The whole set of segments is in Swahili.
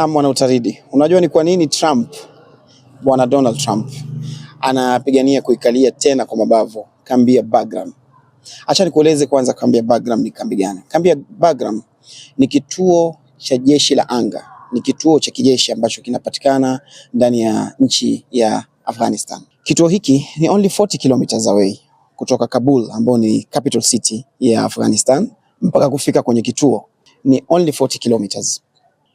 Na mwana utaridi, unajua ni kwa nini Trump, bwana Donald Trump anapigania kuikalia tena kwa mabavu kambi ya Bagram. Acha nikueleze kwanza kambi ya Bagram ni kambi gani. Kambi ya Bagram ni kituo cha jeshi la anga, ni kituo cha kijeshi ambacho kinapatikana ndani ya nchi ya Afghanistan. Kituo hiki ni only 40 kilometers away kutoka Kabul ambayo ni capital city ya Afghanistan mpaka kufika kwenye kituo ni only 40 kilometers.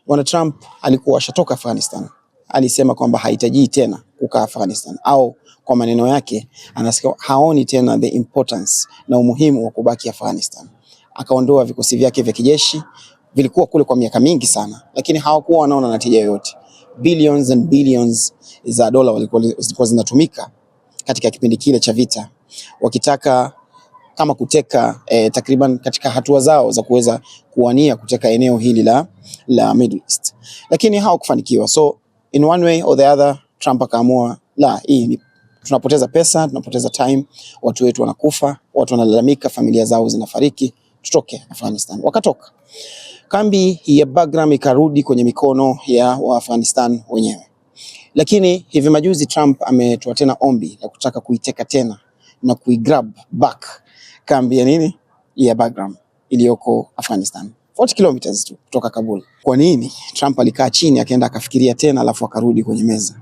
Bwana Trump alikuwa ashatoka Afghanistan, alisema kwamba hahitajii tena kukaa Afghanistan, au kwa maneno yake anasema haoni tena the importance na umuhimu wa kubaki Afghanistan. Akaondoa vikosi vyake vya kijeshi, vilikuwa kule kwa miaka mingi sana, lakini hawakuwa wanaona natija yoyote. Billions and billions za dola zilikuwa zinatumika katika kipindi kile cha vita wakitaka kama kuteka eh, takriban katika hatua zao za kuweza kuwania kuteka eneo hili la, la Middle East, lakini hawakufanikiwa. So in one way or the other Trump akaamua la, hii ni tunapoteza pesa, tunapoteza time, watu wetu wanakufa, watu wanalalamika, familia zao zinafariki, tutoke Afghanistan. Wakatoka kambi ya Bagram ikarudi kwenye mikono ya Waafghanistan wenyewe, lakini hivi majuzi Trump ametoa tena ombi la kutaka kuiteka tena na kuigrab back kambi ya nini ya Bagram iliyoko Afghanistan 40 kilometers tu kutoka Kabul. Kwa nini Trump alikaa chini akaenda akafikiria tena alafu akarudi kwenye meza?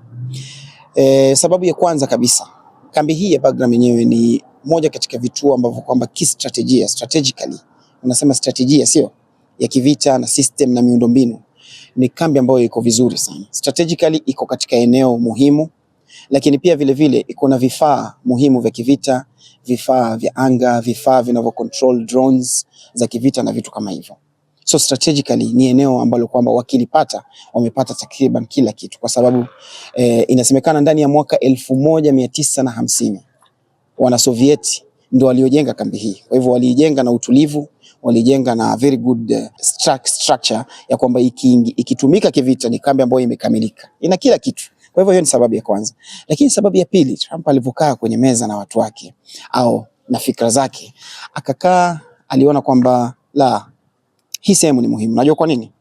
E, sababu ya kwanza kabisa kambi hii ya Bagram yenyewe ni moja katika vituo ambavyo kwamba kistrategia, strategically unasema strategia sio ya kivita na system na miundombinu, ni kambi ambayo iko vizuri sana strategically, iko katika eneo muhimu lakini pia vile vile iko na vifaa muhimu vya kivita, vifaa vya anga, vifaa vinavyo control drones za kivita na vitu kama hivyo. So strategically ni eneo ambalo kwamba wakilipata wamepata takriban kila kitu, kwa sababu eh, inasemekana ndani ya mwaka elfu moja mia tisa na hamsini wana Sovieti ndo waliojenga kambi hii. Kwa hivyo waliijenga na utulivu, walijenga na very good eh, structure ya kwamba ikitumika kivita ni kambi ambayo imekamilika, ina kila kitu. Kwa hivyo hiyo ni sababu ya kwanza, lakini sababu ya pili, Trump alivyokaa kwenye meza na watu wake au na fikra zake, akakaa aliona kwamba la, hii sehemu ni muhimu. Najua kwa nini?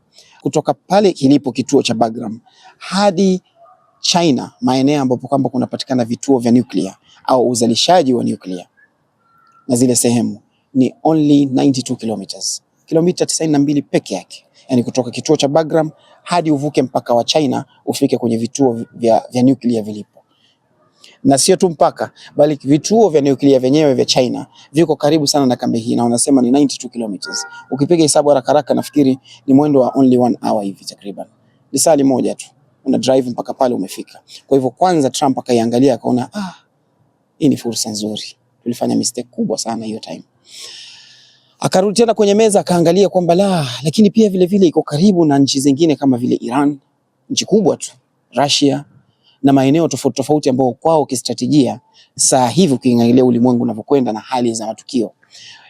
Kutoka pale kilipo kituo cha Bagram hadi China, maeneo ambapo kwamba kunapatikana vituo vya nuclear au uzalishaji wa nuclear na zile sehemu ni only 92 kilometers, kilomita 92 peke yake yani kutoka kituo cha Bagram hadi uvuke mpaka wa China ufike kwenye vituo vya, vya nyuklia vilipo. Na sio tu mpaka, bali vituo vya nyuklia vyenyewe vya China viko karibu sana na kambi hii, na wanasema ni 92 kilometers. Ukipiga hesabu haraka haraka, nafikiri ni mwendo wa only one hour hivi takriban, ni saa moja tu una drive mpaka pale umefika. Kwa hivyo, kwanza Trump akaiangalia akaona, ah, hii ni fursa nzuri, tulifanya mistake kubwa sana hiyo time akarudi tena kwenye meza akaangalia kwamba la, lakini pia vile vile iko karibu na nchi zingine kama vile Iran, nchi kubwa tu, Russia na maeneo tofauti tofauti ambao kwao kistratejia saa hivi ukiangalia ulimwengu unavyokwenda na hali za matukio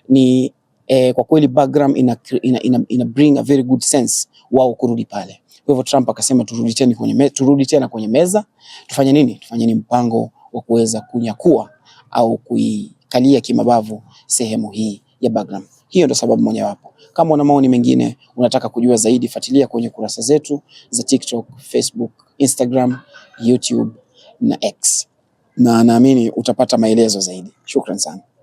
ni eh, kwa kweli background ina, ina, ina, ina bring a very good sense wao kurudi pale. Kwa hivyo Trump akasema turudi tena kwenye meza, turudi tena kwenye meza tufanye nini? Tufanye ni mpango wa kuweza kunyakua au kuikalia kimabavu sehemu hii ya Bagram. Hiyo ndo sababu mojawapo. Kama una maoni mengine, unataka kujua zaidi, fuatilia kwenye kurasa zetu za TikTok, Facebook, Instagram, YouTube na X, na naamini utapata maelezo zaidi. Shukran sana.